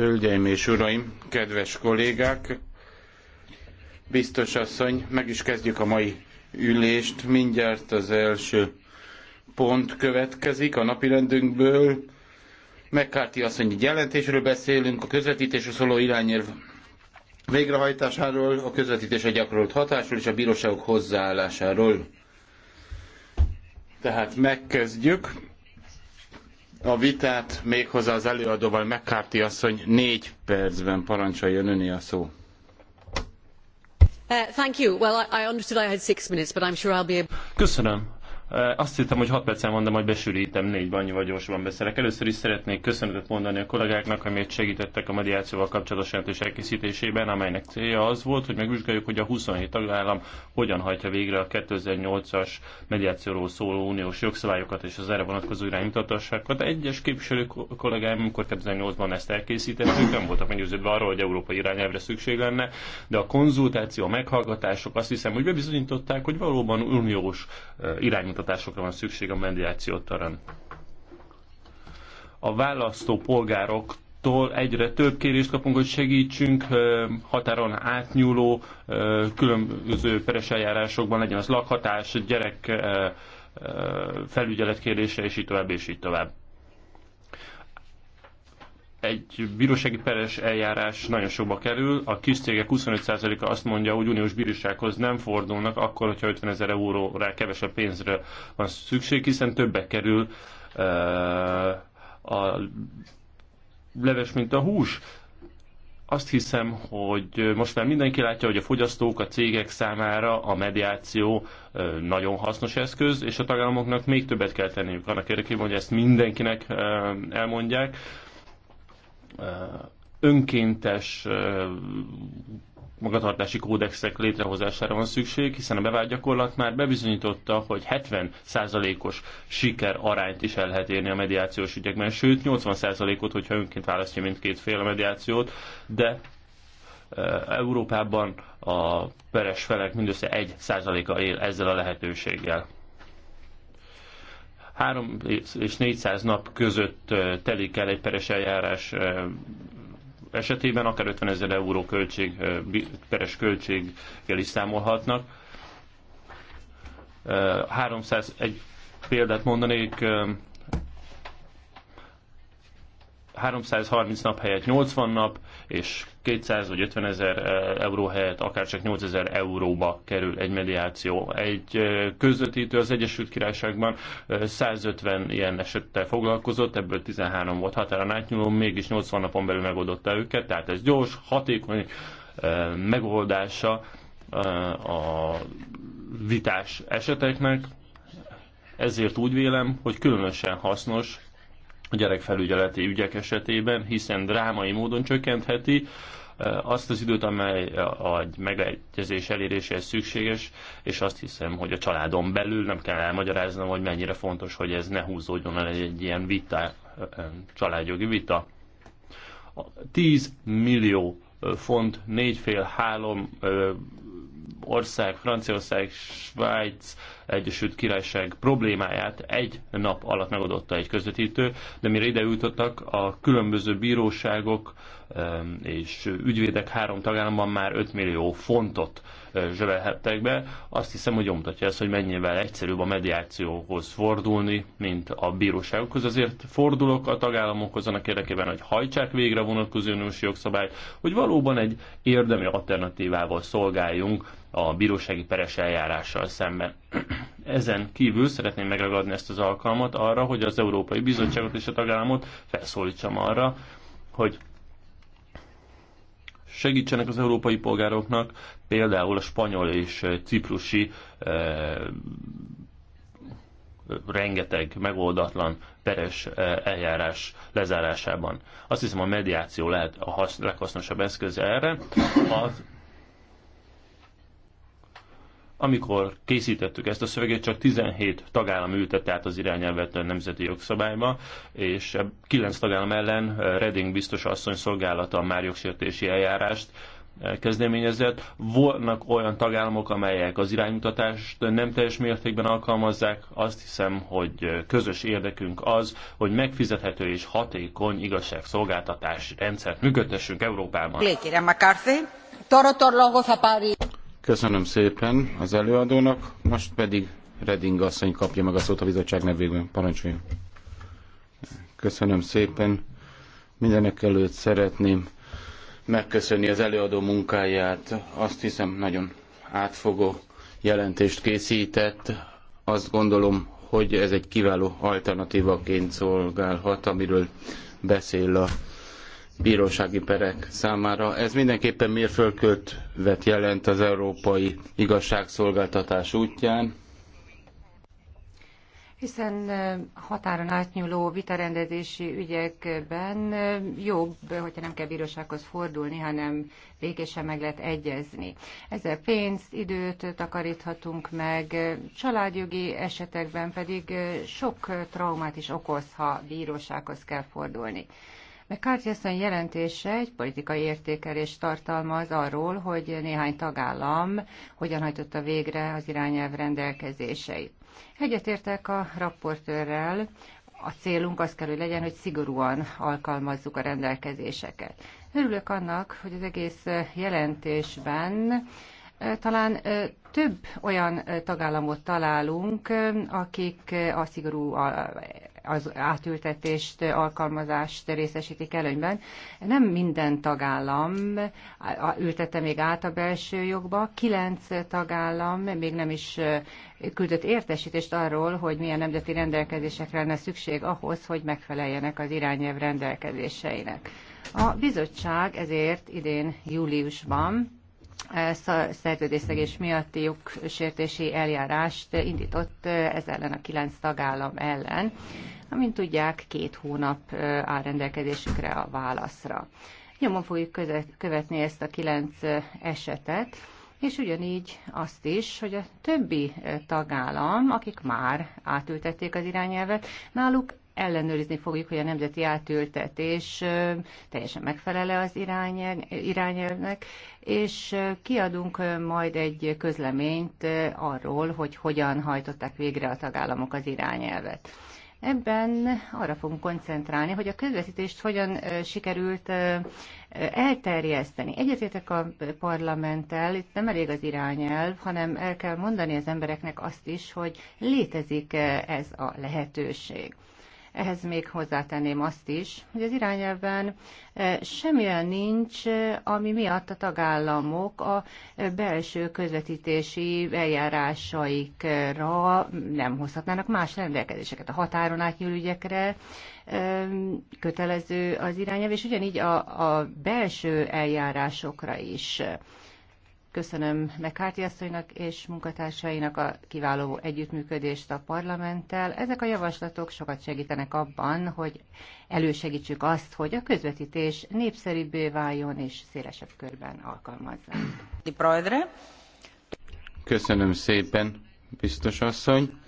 Hölgyeim és uraim, kedves kollégák, biztos asszony, meg is kezdjük a mai ülést. Mindjárt az első pont következik a napirendünkből. McCarthy asszony egy jelentésről beszélünk, a közvetítésről szóló irányérv végrehajtásáról, a közvetítésre gyakorolt hatásról és a bíróságok hozzáállásáról. Tehát megkezdjük a vitát méghozzá az előadóval McCarthy asszony négy percben parancsoljon öné a szó. Köszönöm. Azt hittem, hogy 6 percen van, de majd besűrítem, négy vagy gyorsabban beszélek. Először is szeretnék köszönetet mondani a kollégáknak, amiért segítettek a mediációval kapcsolatos jelentés elkészítésében, amelynek célja az volt, hogy megvizsgáljuk, hogy a 27 tagállam hogyan hajtja végre a 2008-as mediációról szóló uniós jogszabályokat és az erre vonatkozó iránymutatásokat. Egyes képviselő kollégáim, amikor 2008-ban ezt elkészítettük, nem voltak meggyőződve arról, hogy európai irányelvre szükség lenne, de a konzultáció, a meghallgatások azt hiszem, hogy bebizonyították, hogy valóban uniós irányítás szolgáltatásokra van szükség a mediáció terén. A választó polgárok Tól egyre több kérést kapunk, hogy segítsünk határon átnyúló különböző peres eljárásokban, legyen az lakhatás, gyerek felügyelet kérdése, és így tovább, és így tovább egy bírósági peres eljárás nagyon sokba kerül. A kis cégek 25%-a azt mondja, hogy uniós bírósághoz nem fordulnak akkor, hogyha 50 ezer euróra kevesebb pénzre van szükség, hiszen többek kerül uh, a leves, mint a hús. Azt hiszem, hogy most már mindenki látja, hogy a fogyasztók, a cégek számára a mediáció eh, nagyon hasznos eszköz, és a tagállamoknak még többet kell tenniük annak érdekében, hogy ezt mindenkinek eh, elmondják önkéntes magatartási kódexek létrehozására van szükség, hiszen a bevált gyakorlat már bebizonyította, hogy 70%-os siker arányt is el lehet érni a mediációs ügyekben, sőt 80%-ot, hogyha önként választja mindkét fél a mediációt, de Európában a peres felek mindössze 1%-a él ezzel a lehetőséggel. 3 és 400 nap között telik el egy peres eljárás esetében, akár 50 ezer euró költség, peres költséggel is számolhatnak. 300, egy példát mondanék, 330 nap helyett 80 nap, és 200 vagy 50 ezer eh, euró helyett akár csak 8 ezer euróba kerül egy mediáció. Egy eh, közvetítő az Egyesült Királyságban 150 eh, ilyen esettel foglalkozott, ebből 13 volt határon átnyúló, mégis 80 napon belül megoldotta őket, tehát ez gyors, hatékony megoldása a vitás eseteknek, ezért úgy vélem, hogy különösen hasznos a gyerekfelügyeleti ügyek esetében, hiszen drámai módon csökkentheti azt az időt, amely a megegyezés eléréséhez szükséges, és azt hiszem, hogy a családon belül nem kell elmagyaráznom, hogy mennyire fontos, hogy ez ne húzódjon el egy ilyen vita, családjogi vita. 10 millió font, négyfél, három ország, Franciaország, Svájc, Egyesült Királyság problémáját egy nap alatt megoldotta egy közvetítő, de mire ide jutottak, a különböző bíróságok és ügyvédek három tagállamban már 5 millió fontot zsebelhettek be. Azt hiszem, hogy omtatja ezt, hogy mennyivel egyszerűbb a mediációhoz fordulni, mint a bíróságokhoz. Azért fordulok a tagállamokhoz annak érdekében, hogy hajtsák végre vonatkozó önös jogszabályt, hogy valóban egy érdemi alternatívával szolgáljunk a bírósági peres eljárással szemben. Ezen kívül szeretném megragadni ezt az alkalmat arra, hogy az Európai Bizottságot és a tagállamot felszólítsam arra, hogy segítsenek az európai polgároknak, például a spanyol és ciprusi e, rengeteg megoldatlan peres e, eljárás lezárásában. Azt hiszem a mediáció lehet a has- leghasznosabb eszköz erre. Az amikor készítettük ezt a szöveget, csak 17 tagállam ültette át az irányelvet a nemzeti jogszabályba, és 9 tagállam ellen eh, Reding biztos asszony szolgálata már jogsértési eljárást eh, kezdeményezett. Vannak olyan tagállamok, amelyek az iránymutatást nem teljes mértékben alkalmazzák. Azt hiszem, hogy eh, közös érdekünk az, hogy megfizethető és hatékony igazságszolgáltatás rendszert működtessünk Európában. Köszönöm szépen az előadónak, most pedig Reding asszony kapja meg a szót a bizottság nevében. Parancsoljon! Köszönöm szépen! Mindenek előtt szeretném megköszönni az előadó munkáját. Azt hiszem, nagyon átfogó jelentést készített. Azt gondolom, hogy ez egy kiváló alternatívaként szolgálhat, amiről beszél a bírósági perek számára. Ez mindenképpen mérföldkövet jelent az európai igazságszolgáltatás útján hiszen eh, határon átnyúló vitarendezési ügyekben eh, jobb, hogyha nem kell bírósághoz fordulni, hanem végésen meg lehet egyezni. Ezzel pénzt, időt takaríthatunk meg, eh, családjogi esetekben pedig sok traumát is okoz, ha bírósághoz kell fordulni. McCarthy asszony jelentése egy politikai értékelést tartalmaz arról, hogy néhány tagállam hogyan hajtotta végre az irányelv rendelkezéseit. Egyetértek a rapportőrrel, a célunk az kell, hogy legyen, hogy szigorúan alkalmazzuk a rendelkezéseket. Örülök annak, hogy az egész jelentésben talán több olyan tagállamot találunk, akik a szigorú az átültetést, alkalmazást részesítik előnyben. Nem minden tagállam ültette még át a belső jogba, kilenc tagállam még nem is küldött értesítést arról, hogy milyen nemzeti rendelkezésekre lenne szükség ahhoz, hogy megfeleljenek az irányelv rendelkezéseinek. A bizottság ezért idén júliusban szerződésszegés miatti jogsértési eljárást indított eh, ez ellen a kilenc tagállam ellen. Amint tudják, két hónap eh, áll rendelkezésükre a válaszra. Nyomon fogjuk követni ezt a kilenc eh, esetet, és ugyanígy azt is, hogy a többi tagállam, akik már átültették az irányelvet, náluk ellenőrizni fogjuk, hogy a nemzeti átültetés teljesen megfelele az irányelvnek, és kiadunk majd egy közleményt arról, hogy hogyan hajtották végre a tagállamok az irányelvet. Ebben arra fogunk koncentrálni, hogy a közvetítést hogyan sikerült elterjeszteni. Egyetértek a parlamenttel, itt nem elég az irányelv, hanem el kell mondani az embereknek azt is, hogy létezik ez a lehetőség. Ehhez még hozzátenném azt is, hogy az irányelven eh, semmilyen nincs, eh, ami miatt a tagállamok a eh, belső közvetítési eljárásaikra nem hozhatnának más rendelkezéseket. A határon átnyúló ügyekre kötelező az irányelv, és ugyanígy a, a belső eljárásokra is. Köszönöm McCarthy asszonynak és munkatársainak a kiváló együttműködést a parlamenttel. Ezek a javaslatok sokat segítenek abban, hogy elősegítsük azt, hogy a közvetítés népszerűbbé váljon és szélesebb körben alkalmazzák. Köszönöm szépen, biztos asszony.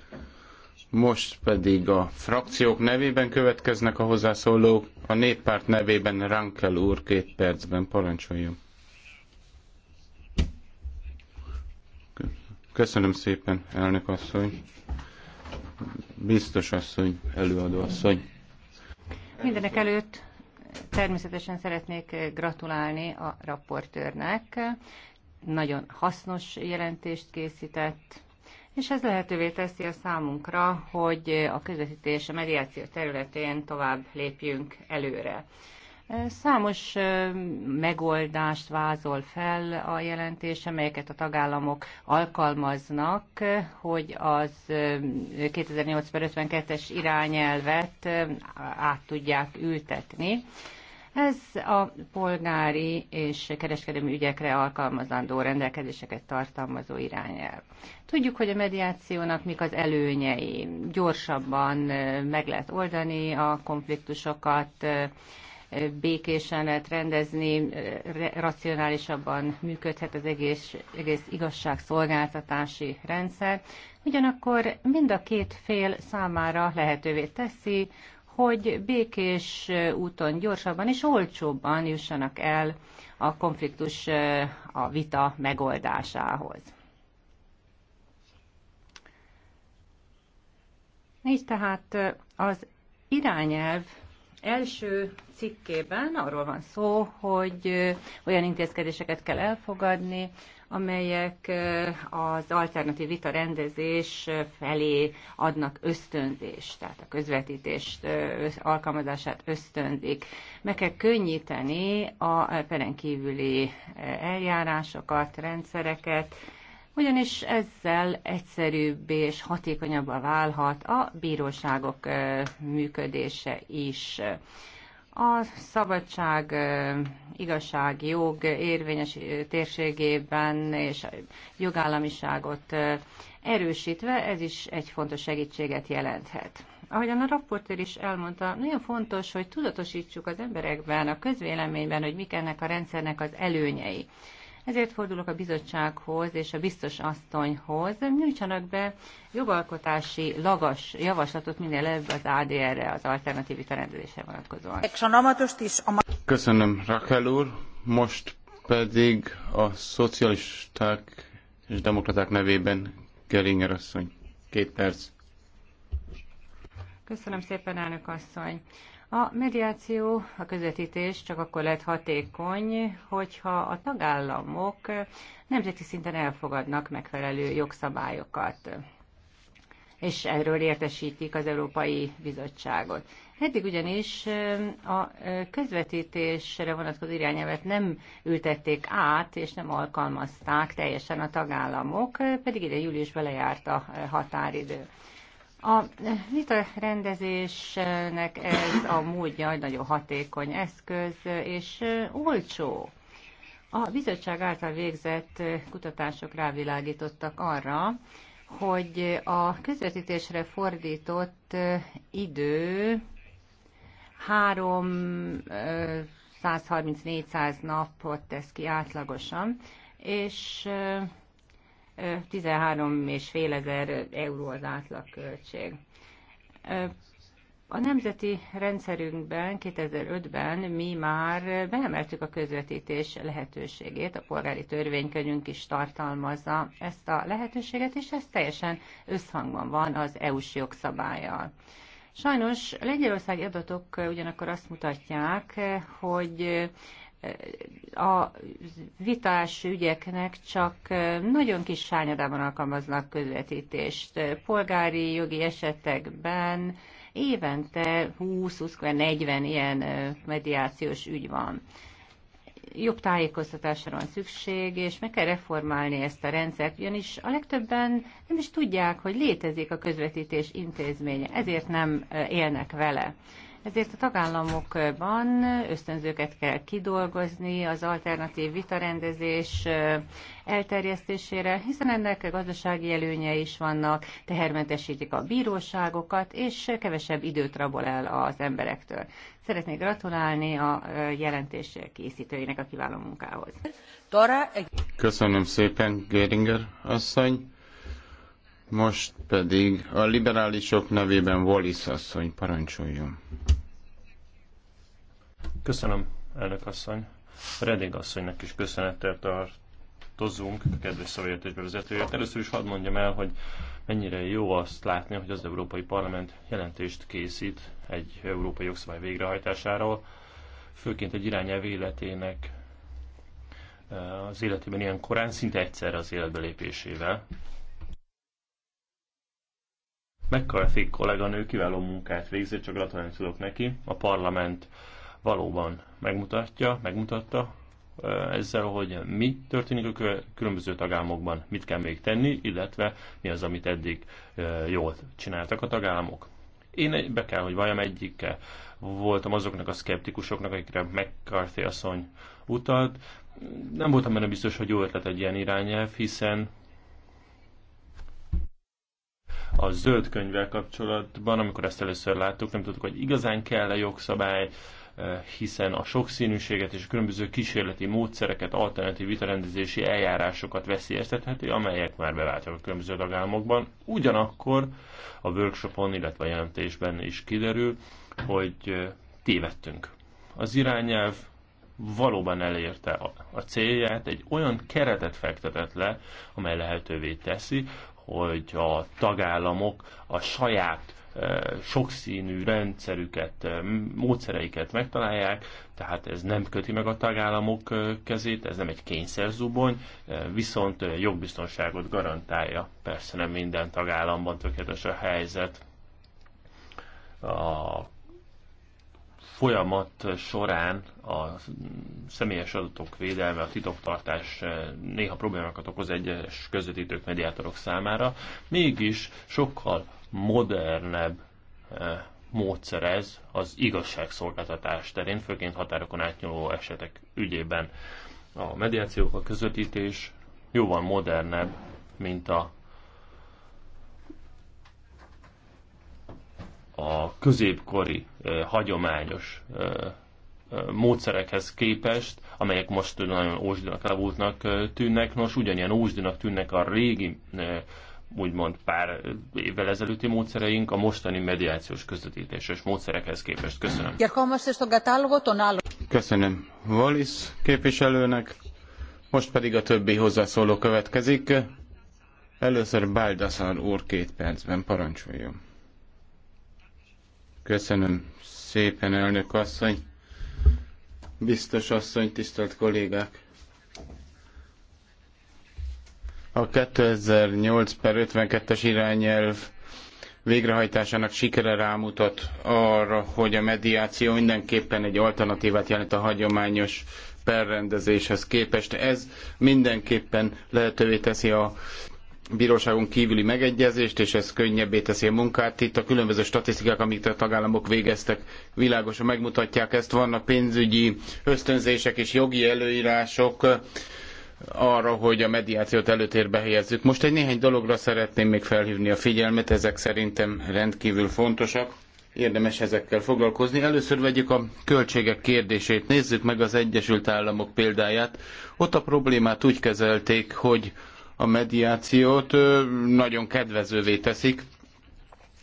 Most pedig a frakciók nevében következnek a hozzászólók. A néppárt nevében Rankel úr két percben parancsoljon. Köszönöm szépen, elnök asszony. Biztos asszony, előadó asszony. Mindenek előtt természetesen szeretnék gratulálni a raportőrnek. Nagyon hasznos jelentést készített, és ez lehetővé teszi a számunkra, hogy a közvetítés a mediáció területén tovább lépjünk előre. Számos megoldást vázol fel a jelentés, amelyeket a tagállamok alkalmaznak, hogy az 2008-52-es irányelvet át tudják ültetni. Ez a polgári és kereskedelmi ügyekre alkalmazandó rendelkezéseket tartalmazó irányelv. Tudjuk, hogy a mediációnak mik az előnyei. Gyorsabban meg lehet oldani a konfliktusokat, békésen lehet rendezni, racionálisabban működhet az egész, egész igazságszolgáltatási rendszer. Ugyanakkor mind a két fél számára lehetővé teszi, hogy békés úton gyorsabban és olcsóbban jussanak el a konfliktus, eh, a vita megoldásához. Így tehát eh, az irányelv első cikkében arról van szó, hogy olyan intézkedéseket kell elfogadni, amelyek az alternatív vita rendezés felé adnak ösztönzést, tehát a közvetítést alkalmazását ösztönzik. Meg kell könnyíteni a peren kívüli eljárásokat, rendszereket, ugyanis ezzel egyszerűbb és hatékonyabbá válhat a bíróságok működése is. A szabadság, igazság, jog érvényes térségében és jogállamiságot erősítve ez is egy fontos segítséget jelenthet. Ahogyan a raportőr is elmondta, nagyon fontos, hogy tudatosítsuk az emberekben, a közvéleményben, hogy mik ennek a rendszernek az előnyei. Ezért fordulok a bizottsághoz és a biztos asszonyhoz, nyújtsanak be jogalkotási lagas javaslatot minél előbb az ADR-re, az alternatív vitarendezésre vonatkozóan. Köszönöm, Rakel úr. Most pedig a szocialisták és demokraták nevében Geringer asszony. Két perc. Köszönöm szépen, elnök asszony. A mediáció, a közvetítés csak akkor lehet hatékony, hogyha a tagállamok nemzeti szinten elfogadnak megfelelő jogszabályokat és erről értesítik az Európai Bizottságot. Eddig ugyanis a közvetítésre vonatkozó irányelvet nem ültették át, és nem alkalmazták teljesen a tagállamok, pedig ide júliusban lejárt a határidő. A vita rendezésnek ez a módja egy nagyon hatékony eszköz, és olcsó. A bizottság által végzett kutatások rávilágítottak arra, hogy a közvetítésre fordított idő 334-400 napot tesz ki átlagosan, és 13 fél ezer euró az átlagköltség. A nemzeti rendszerünkben 2005-ben mi már beemeltük a közvetítés lehetőségét, a polgári törvénykönyvünk is tartalmazza ezt a lehetőséget, és ez teljesen összhangban van az EU-s jogszabályjal. Sajnos Lengyelország adatok ugyanakkor azt mutatják, hogy a vitás ügyeknek csak nagyon kis sányadában alkalmaznak közvetítést. Polgári jogi esetekben évente 20-40 ilyen mediációs ügy van. Jobb tájékoztatásra van szükség, és meg kell reformálni ezt a rendszert, ugyanis a legtöbben nem is tudják, hogy létezik a közvetítés intézménye, ezért nem élnek vele. Ezért a tagállamokban ösztönzőket kell kidolgozni az alternatív vitarendezés elterjesztésére, hiszen ennek gazdasági előnye is vannak, tehermentesítik a bíróságokat, és kevesebb időt rabol el az emberektől. Szeretnék gratulálni a jelentés készítőinek a kiváló munkához. Köszönöm szépen, Géringer asszony. Most pedig a liberálisok nevében Wallis asszony parancsoljon. Köszönöm, elnök asszony. Reding asszonynak is köszönettel tartozunk, kedves szavértés vezetőjét. Először is hadd mondjam el, hogy mennyire jó azt látni, hogy az Európai Parlament jelentést készít egy európai jogszabály végrehajtásáról, főként egy irányelv életének eh, az életében ilyen korán, szinte egyszerre az életbe lépésével. McCarthy kolléganő kiváló munkát végzett, csak gratulálni tudok neki. A parlament valóban megmutatja, megmutatta ezzel, hogy mi történik a különböző tagállamokban, mit kell még tenni, illetve mi az, amit eddig jól csináltak a tagállamok. Én be kell, hogy valljam egyike voltam azoknak a szkeptikusoknak, akikre McCarthy asszony utalt. Nem voltam benne biztos, hogy jó ötlet egy ilyen irányelv, hiszen a zöld könyvvel kapcsolatban, amikor ezt először láttuk, nem tudtuk, hogy igazán kell-e jogszabály, eh, hiszen a sokszínűséget és a különböző kísérleti módszereket, alternatív vitarendezési eljárásokat veszélyeztetheti, amelyek már beváltak a különböző tagállamokban. Ugyanakkor a workshopon, illetve a jelentésben is kiderül, hogy eh, tévedtünk. Az irányelv valóban elérte a célját, egy olyan keretet fektetett le, amely lehetővé teszi, hogy a tagállamok a saját e, sokszínű rendszerüket, e, módszereiket megtalálják, tehát ez nem köti meg a tagállamok e, kezét, ez nem egy kényszerzubony, viszont jogbiztonságot garantálja. Persze nem minden tagállamban tökéletes a helyzet. A folyamat során a személyes adatok védelme, a titoktartás eh, néha problémákat okoz egyes közvetítők, mediátorok számára, mégis sokkal modernebb eh, módszer ez az igazságszolgáltatás terén, főként határokon átnyúló esetek ügyében. A mediáció, a közvetítés jóval modernebb, mint a a középkori hagyományos módszerekhez képest, amelyek most nagyon ózsdinak levultnak tűnnek, nos ugyanilyen ózsdinak tűnnek a régi úgymond pár évvel ezelőtti módszereink a mostani mediációs közvetítéses módszerekhez képest. Köszönöm. Köszönöm Wallis képviselőnek, most pedig a többi hozzászóló következik. Először Baldassar úr két percben parancsoljon. Köszönöm szépen, elnök asszony. Biztos asszony, tisztelt kollégák. A 2008 per 52-es irányelv végrehajtásának sikere rámutat arra, hogy a mediáció mindenképpen egy alternatívát jelent a hagyományos perrendezéshez képest. Ez mindenképpen lehetővé teszi a bíróságon kívüli megegyezést, és ez könnyebbé teszi a munkát. Itt a különböző statisztikák, amit a tagállamok végeztek, világosan megmutatják ezt. Vannak pénzügyi ösztönzések és jogi előírások arra, hogy a mediációt előtérbe helyezzük. Most egy néhány dologra szeretném még felhívni a figyelmet, ezek szerintem rendkívül fontosak. Érdemes ezekkel foglalkozni. Először vegyük a költségek kérdését. Nézzük meg az Egyesült Államok példáját. Ott a problémát úgy kezelték, hogy a mediációt nagyon kedvezővé teszik.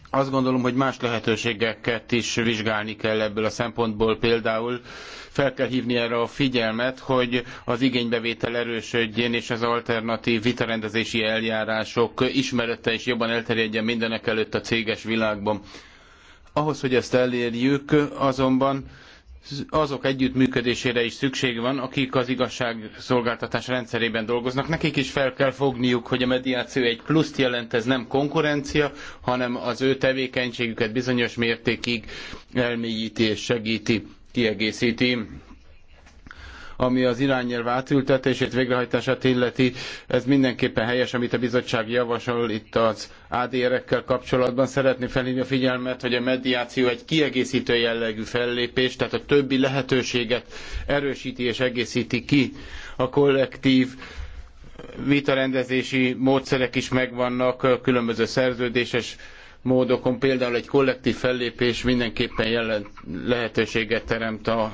Azt gondolom, hogy más lehetőségeket is vizsgálni kell ebből a szempontból. Például fel kell hívni erre a figyelmet, hogy az igénybevétel erősödjén, és az alternatív vitarendezési eljárások ismerete is jobban elterjedjen mindenekelőtt a céges világban. Ahhoz, hogy ezt elérjük, azonban azok együttműködésére is szükség van, akik az igazságszolgáltatás rendszerében dolgoznak. Nekik is fel kell fogniuk, hogy a mediáció egy pluszt jelent, ez nem konkurencia, hanem az ő tevékenységüket bizonyos mértékig elmélyíti és segíti, kiegészíti ami az irányelv átültetését, végrehajtását illeti. Ez mindenképpen helyes, amit a bizottság javasol itt az ADR-ekkel kapcsolatban. Szeretném felhívni a figyelmet, hogy a mediáció egy kiegészítő jellegű fellépés, tehát a többi lehetőséget erősíti és egészíti ki a kollektív vitarendezési módszerek is megvannak, különböző szerződéses módokon, például egy kollektív fellépés mindenképpen jelent, lehetőséget teremt a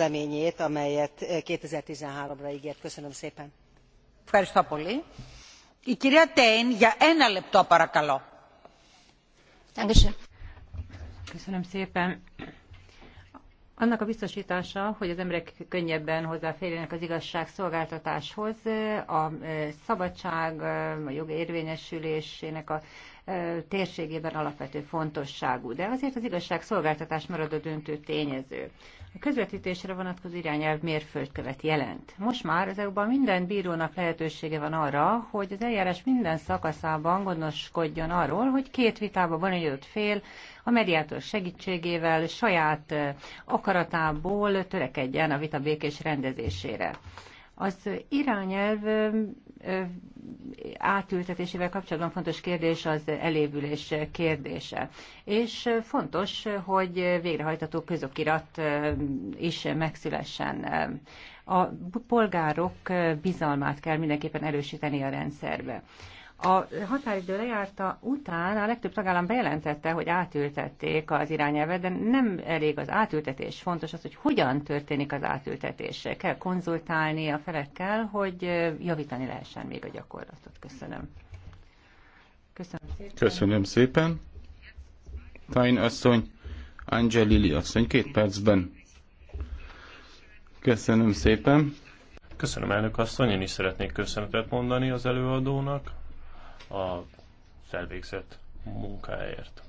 közleményét amelyet eh, two thousand and thirteen ra gért. köszönöm szépen! Köszönöm szépen. annak a biztostása hogy az emberek könnyebben hozzáférjenek az igazságszolgáltatáshoz a eh, szabadság eh, a jog érvényesülésének a térségében alapvető fontosságú de azért az igazságszolgáltatás marad a döntő tényező. A közvetítésre vonatkozó irányelv mérföldkövet jelent. Most már az EU-ban minden bírónak lehetősége van arra, hogy az eljárás minden szakaszában gondoskodjon arról, hogy két vitába van adott fél a mediátor segítségével saját akaratából törekedjen a vita békés rendezésére. Az irányelv átültetésével kapcsolatban fontos kérdés az elévülés kérdése. És fontos, hogy végrehajtató közokirat is megszülessen. A polgárok bizalmát kell mindenképpen erősíteni a rendszerbe. A határidő lejárta után a legtöbb tagállam bejelentette, hogy átültették az irányelvet, de nem elég az átültetés. Fontos az, hogy hogyan történik az átültetés. Kell konzultálni a felekkel, hogy javítani lehessen még a gyakorlatot. Köszönöm. Köszönöm szépen. Köszönöm szépen. Tain asszony, Angelili asszony, két percben. Köszönöm szépen. Köszönöm elnök asszony, én is szeretnék köszönetet mondani az előadónak a felvégzett munkáért.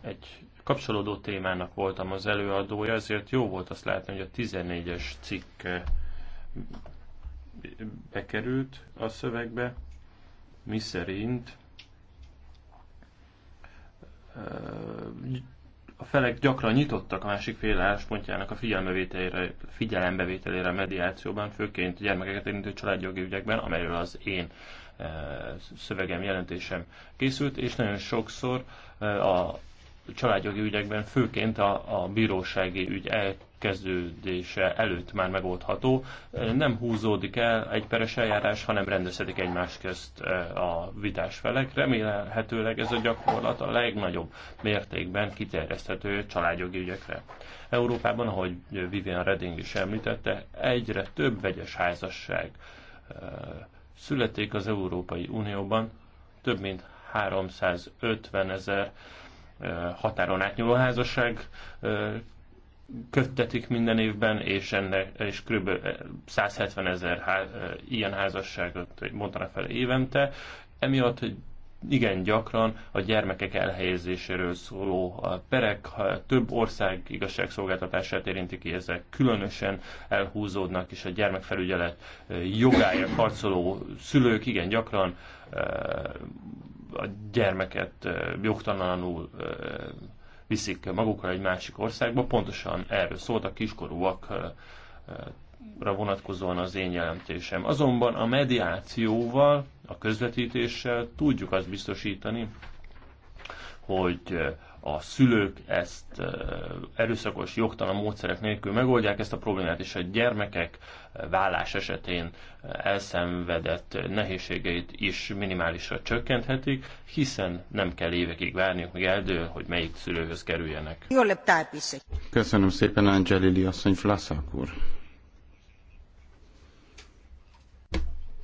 Egy kapcsolódó témának voltam az előadója, ezért jó volt azt látni, hogy a 14-es cikk eh, bekerült a szövegbe, mi szerint eh, felek gyakran nyitottak a másik fél álláspontjának a figyelmevételére, figyelembevételére a mediációban, főként gyermekeket érintő családjogi ügyekben, amelyről az én eh, szövegem, jelentésem készült, és nagyon sokszor eh, a családjogi ügyekben főként a, a bírósági ügy elkezdődése előtt már megoldható. Nem húzódik el egy peres eljárás, hanem rendezhetik egymás közt e, a vitás felek. Remélhetőleg ez a gyakorlat a legnagyobb mértékben kiterjeszthető családjogi ügyekre. Európában, ahogy Vivian Redding is említette, egyre több vegyes házasság e, születik az Európai Unióban, több mint 350 ezer határon átnyúló házasság köttetik minden évben, és, ennek, és kb. 170 ezer há, ilyen házasságot mondanak fel évente. Emiatt igen gyakran a gyermekek elhelyezéséről szóló a perek, ha több ország igazságszolgáltatását érintik ki, ezek különösen elhúzódnak, és a gyermekfelügyelet jogáért harcoló szülők igen gyakran a gyermeket jogtalanul viszik magukkal egy másik országba. Pontosan erről szólt a kiskorúakra vonatkozóan az én jelentésem. Azonban a mediációval, a közvetítéssel tudjuk azt biztosítani, hogy a szülők ezt erőszakos, jogtalan módszerek nélkül megoldják ezt a problémát, és a gyermekek vállás esetén elszenvedett nehézségeit is minimálisra csökkenthetik, hiszen nem kell évekig várniuk, hogy eldől, hogy melyik szülőhöz kerüljenek. Köszönöm szépen, Angelili asszony Flaszak úr.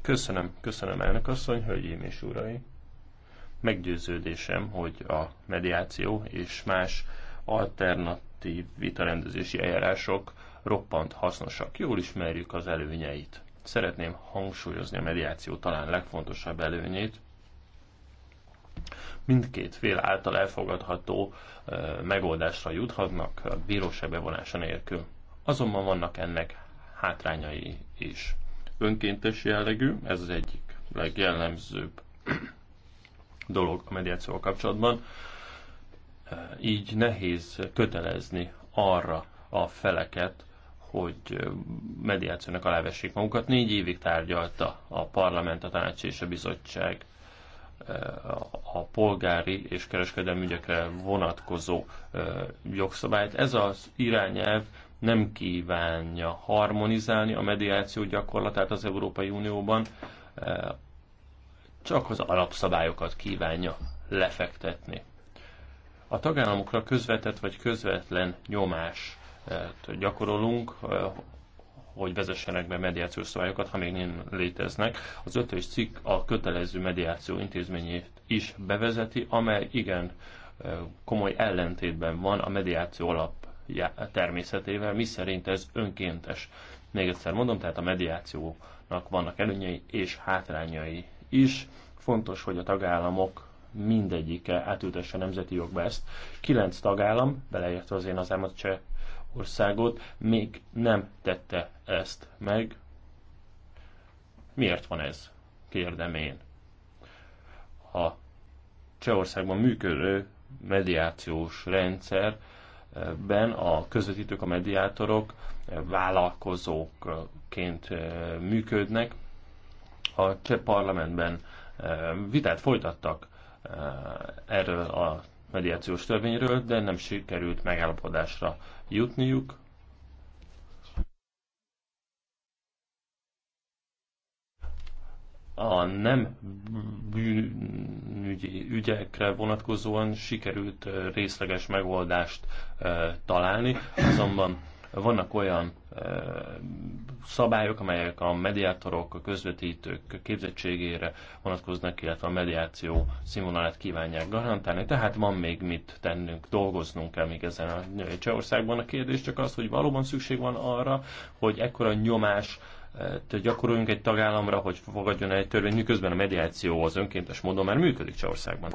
Köszönöm, köszönöm elnök asszony, hölgyeim és uraim. Meggyőződésem, hogy a mediáció és más alternatív vitarendezési eljárások roppant hasznosak. Jól ismerjük az előnyeit. Szeretném hangsúlyozni a mediáció talán legfontosabb előnyét, mindkét fél által elfogadható megoldásra juthatnak a bíróság bevonása nélkül. Azonban vannak ennek hátrányai is. Önkéntes jellegű, ez az egyik legjellemzőbb dolog a mediációval kapcsolatban. Így nehéz kötelezni arra a feleket, hogy mediációnak alávessék magukat. Négy évig tárgyalta a parlament, a tanács és a bizottság a polgári és kereskedelmi ügyekre vonatkozó jogszabályt. Ez az irányelv nem kívánja harmonizálni a mediáció gyakorlatát az Európai Unióban, csak az alapszabályokat kívánja lefektetni. A tagállamokra közvetett vagy közvetlen nyomást eh, gyakorolunk, eh, hogy vezessenek be mediációs szabályokat, ha még nem léteznek. Az ötös cikk a kötelező mediáció intézményét is bevezeti, amely igen eh, komoly ellentétben van a mediáció alap természetével, mi szerint ez önkéntes. Még egyszer mondom, tehát a mediációnak vannak előnyei és hátrányai is. Fontos, hogy a tagállamok mindegyike átültesse nemzeti jogba ezt. Kilenc tagállam, beleértve az én az cseh országot, még nem tette ezt meg. Miért van ez? Kérdem én. A Csehországban működő mediációs rendszerben a közvetítők, a mediátorok vállalkozókként működnek, a cseh parlamentben e, vitát folytattak e, erről a mediációs törvényről, de nem sikerült megállapodásra jutniuk. A nem bűnügyi ügyekre vonatkozóan sikerült e, részleges megoldást találni, azonban vannak olyan szabályok, amelyek a mediátorok, a közvetítők képzettségére vonatkoznak, illetve a mediáció színvonalát kívánják garantálni. Tehát van még mit tennünk, dolgoznunk kell még ezen a Csehországban. A kérdés csak az, hogy valóban szükség van arra, hogy ekkora nyomás eh, gyakoroljunk egy tagállamra, hogy fogadjon egy törvény, miközben a mediáció az önkéntes módon már működik Csehországban.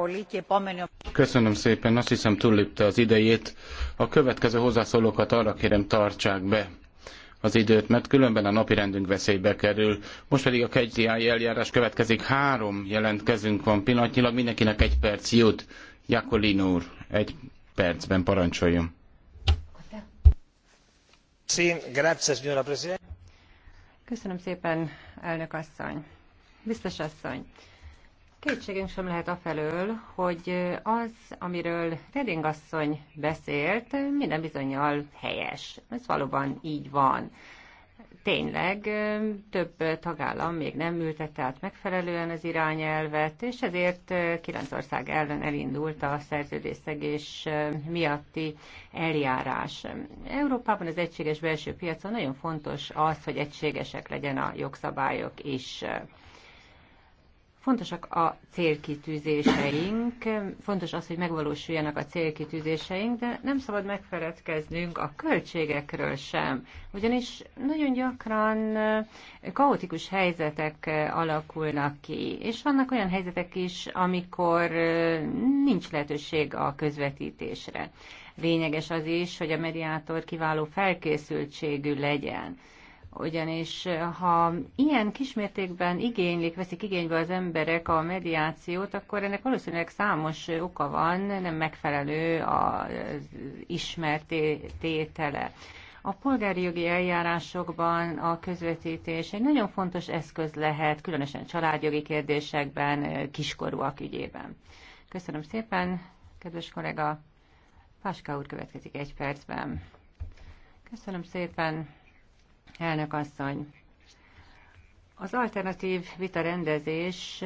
Köszönöm szépen, azt hiszem túllépte az idejét. A következő hozzászólókat arra kérem tartsák be, az időt, mert különben a napi rendünk veszélybe kerül. Most pedig a KGI eljárás következik. Három jelentkezünk van pillanatnyilag, mindenkinek egy perc jut. Jakolin úr, egy percben parancsoljon. Köszönöm szépen, elnök asszony. Biztos asszony. Kétségünk sem lehet afelől, hogy az, amiről Reding asszony beszélt, minden bizonyal helyes. Ez valóban így van. Tényleg több tagállam még nem ültette át megfelelően az irányelvet, és ezért kilenc ország ellen elindult a szerződésszegés miatti eljárás. Európában az egységes belső piacon nagyon fontos az, hogy egységesek legyen a jogszabályok is Fontosak a célkitűzéseink, fontos az, hogy megvalósuljanak a célkitűzéseink, de nem szabad megfeledkeznünk a költségekről sem, ugyanis nagyon gyakran eh, kaotikus helyzetek eh, alakulnak ki, és vannak olyan helyzetek is, amikor eh, nincs lehetőség a közvetítésre. Lényeges az is, hogy a mediátor kiváló felkészültségű legyen ugyanis ha ilyen kismértékben igénylik, veszik igénybe az emberek a mediációt, akkor ennek valószínűleg számos oka van, nem megfelelő az ismert tétele. A polgári jogi eljárásokban a közvetítés egy nagyon fontos eszköz lehet, különösen családjogi kérdésekben, kiskorúak ügyében. Köszönöm szépen, kedves kollega. Páska úr következik egy percben. Köszönöm szépen. Elnök asszony, az alternatív vita rendezés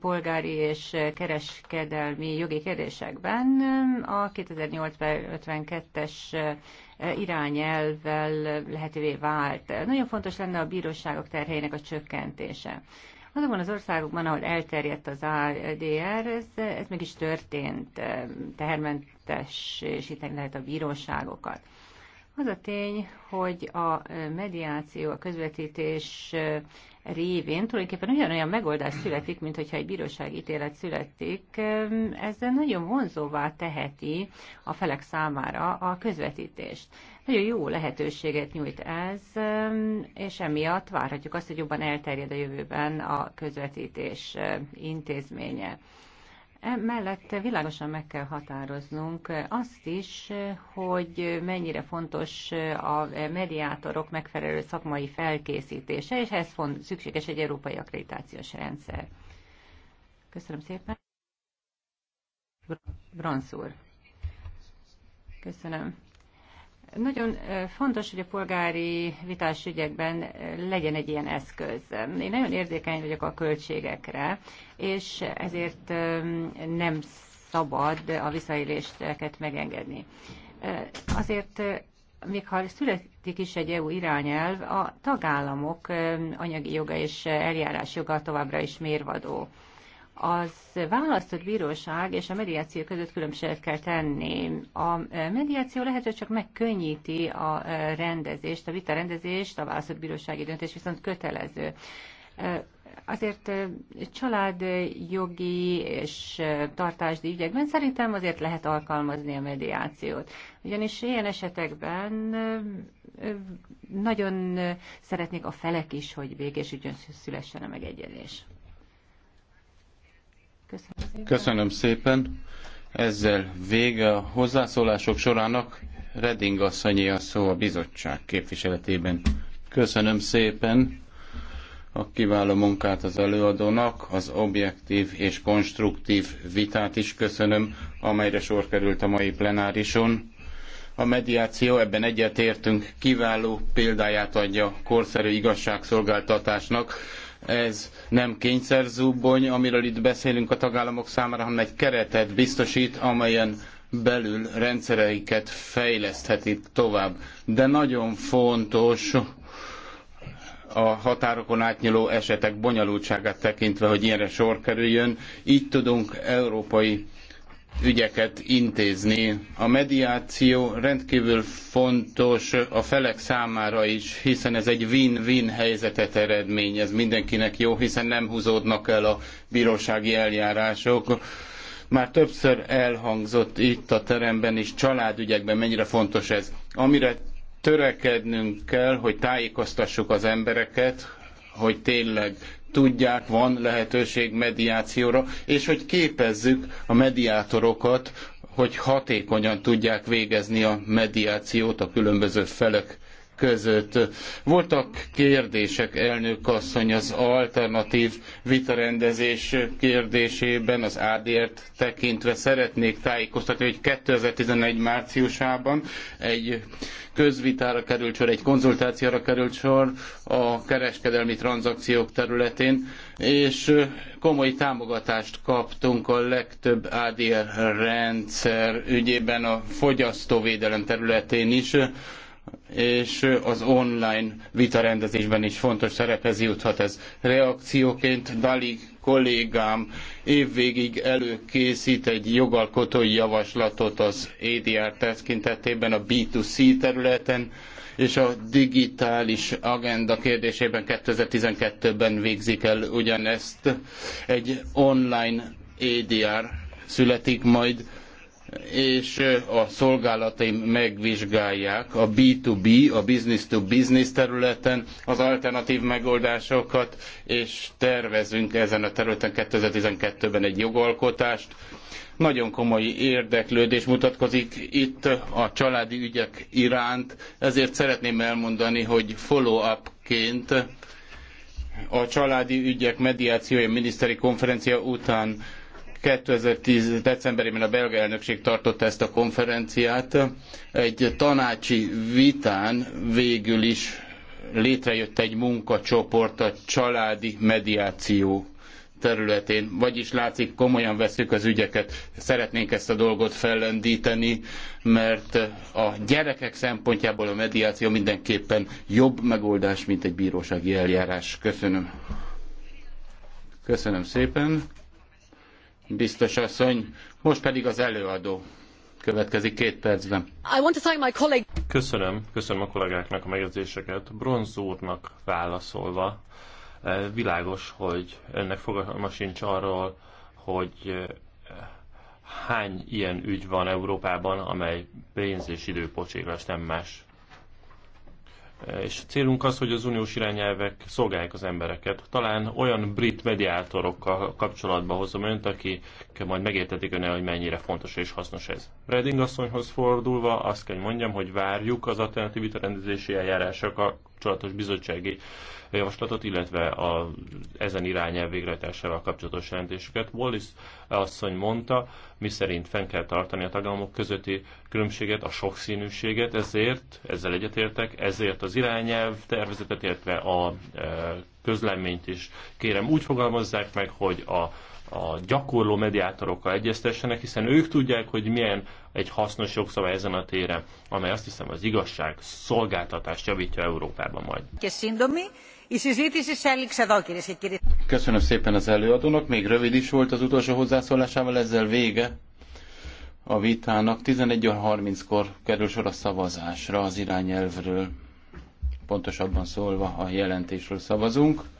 polgári és kereskedelmi jogi kérdésekben a 2852 es e, irányelvvel lehetővé vált. Nagyon fontos lenne a bíróságok terhelyének a csökkentése. Azokban az országokban, ahol elterjedt az ADR, ez, ez mégis történt, tehermentes, és itt lehet a bíróságokat. Az a tény, hogy a mediáció, a közvetítés révén tulajdonképpen ugyanolyan megoldás születik, mint hogyha egy bíróságítélet születik, ezzel nagyon vonzóvá teheti a felek számára a közvetítést. Nagyon jó lehetőséget nyújt ez, és emiatt várhatjuk azt, hogy jobban elterjed a jövőben a közvetítés intézménye. Mellett világosan meg kell határoznunk azt is, hogy mennyire fontos a mediátorok megfelelő szakmai felkészítése, és ehhez font, szükséges egy európai akkreditációs rendszer. Köszönöm szépen. Bronz úr. Köszönöm. Nagyon fontos, hogy a polgári vitás ügyekben legyen egy ilyen eszköz. Én nagyon érzékeny vagyok a költségekre, és ezért nem szabad a visszaéléseket megengedni. Azért még ha születik is egy EU irányelv, a tagállamok anyagi joga és eljárás joga továbbra is mérvadó az választott bíróság és a mediáció között különbséget kell tenni. A mediáció lehet, hogy csak megkönnyíti a rendezést, a vita rendezést, a választott bírósági döntés viszont kötelező. Azért családjogi és tartásdi ügyekben szerintem azért lehet alkalmazni a mediációt. Ugyanis ilyen esetekben nagyon szeretnék a felek is, hogy végés ügyön szülessen a megegyezés. Köszönöm szépen. Köszönöm szépen. Ezzel vége a hozzászólások sorának. Reding asszonyi a szó a bizottság képviseletében. Köszönöm szépen a kiváló munkát az előadónak, az objektív és konstruktív vitát is köszönöm, amelyre sor került a mai plenárison. A mediáció, ebben egyetértünk, kiváló példáját adja korszerű igazságszolgáltatásnak ez nem kényszerzúbony, amiről itt beszélünk a tagállamok számára, hanem egy keretet biztosít, amelyen belül rendszereiket fejleszthetik tovább. De nagyon fontos a határokon átnyúló esetek bonyolultságát tekintve, hogy ilyenre sor kerüljön. Így tudunk európai ügyeket intézni. A mediáció rendkívül fontos a felek számára is, hiszen ez egy win-win helyzetet eredményez mindenkinek jó, hiszen nem húzódnak el a bírósági eljárások. Már többször elhangzott itt a teremben is családügyekben mennyire fontos ez. Amire törekednünk kell, hogy tájékoztassuk az embereket, hogy tényleg tudják, van lehetőség mediációra, és hogy képezzük a mediátorokat, hogy hatékonyan tudják végezni a mediációt a különböző felek között. Voltak kérdések, elnök asszony, az alternatív vitarendezés kérdésében, az ADR-t tekintve szeretnék tájékoztatni, hogy 2011 márciusában egy közvitára került sor, egy konzultációra került sor a kereskedelmi tranzakciók területén, és komoly támogatást kaptunk a legtöbb ADR rendszer ügyében a fogyasztóvédelem területén is és az online vitarendezésben is fontos szerephez juthat ez. Reakcióként Dali kollégám évvégig előkészít egy jogalkotói javaslatot az ADR tekintetében a B2C területen, és a digitális agenda kérdésében 2012-ben végzik el ugyanezt. Egy online ADR születik majd, és a szolgálataim megvizsgálják a B2B, a business to business területen az alternatív megoldásokat, és tervezünk ezen a területen 2012-ben egy jogalkotást. Nagyon komoly érdeklődés mutatkozik itt a családi ügyek iránt, ezért szeretném elmondani, hogy follow-upként a családi ügyek mediációja miniszteri konferencia után 2010. decemberében a belga elnökség tartotta ezt a konferenciát. Egy tanácsi vitán végül is létrejött egy munkacsoport a családi mediáció területén. Vagyis látszik, komolyan veszük az ügyeket, szeretnénk ezt a dolgot fellendíteni, mert a gyerekek szempontjából a mediáció mindenképpen jobb megoldás, mint egy bírósági eljárás. Köszönöm. Köszönöm szépen biztos asszony. Most pedig az előadó következik két percben. I want to thank my colleague. Köszönöm, köszönöm a kollégáknak a megjegyzéseket. Bronz úrnak válaszolva, eh, világos, hogy ennek fogalma sincs arról, hogy eh, hány ilyen ügy van Európában, amely pénz és időpocséklás nem más és a célunk az, hogy az uniós irányelvek szolgálják az embereket. Talán olyan brit mediátorokkal kapcsolatba hozom önt, aki majd megértetik önnel, hogy mennyire fontos és hasznos ez. Reding asszonyhoz fordulva azt kell mondjam, hogy várjuk az alternatív rendezési eljárásokkal kapcsolatos bizottsági javaslatot, illetve a, ezen irányelv végrehajtásával kapcsolatos jelentésüket. Wallis asszony mondta, mi szerint fenn kell tartani a tagállamok közötti különbséget, a sokszínűséget, ezért, ezzel egyetértek, ezért az irányelv tervezetet, illetve a e, közleményt is kérem úgy fogalmazzák meg, hogy a a gyakorló mediátorokkal egyeztessenek, hiszen ők tudják, hogy milyen egy hasznos jogszabály ezen a téren, amely azt hiszem az igazság szolgáltatást javítja Európában majd. Köszönöm szépen az előadónak, még rövid is volt az utolsó hozzászólásával, ezzel vége a vitának. 11.30-kor kerül sor a szavazásra az irányelvről, pontosabban szólva a jelentésről szavazunk.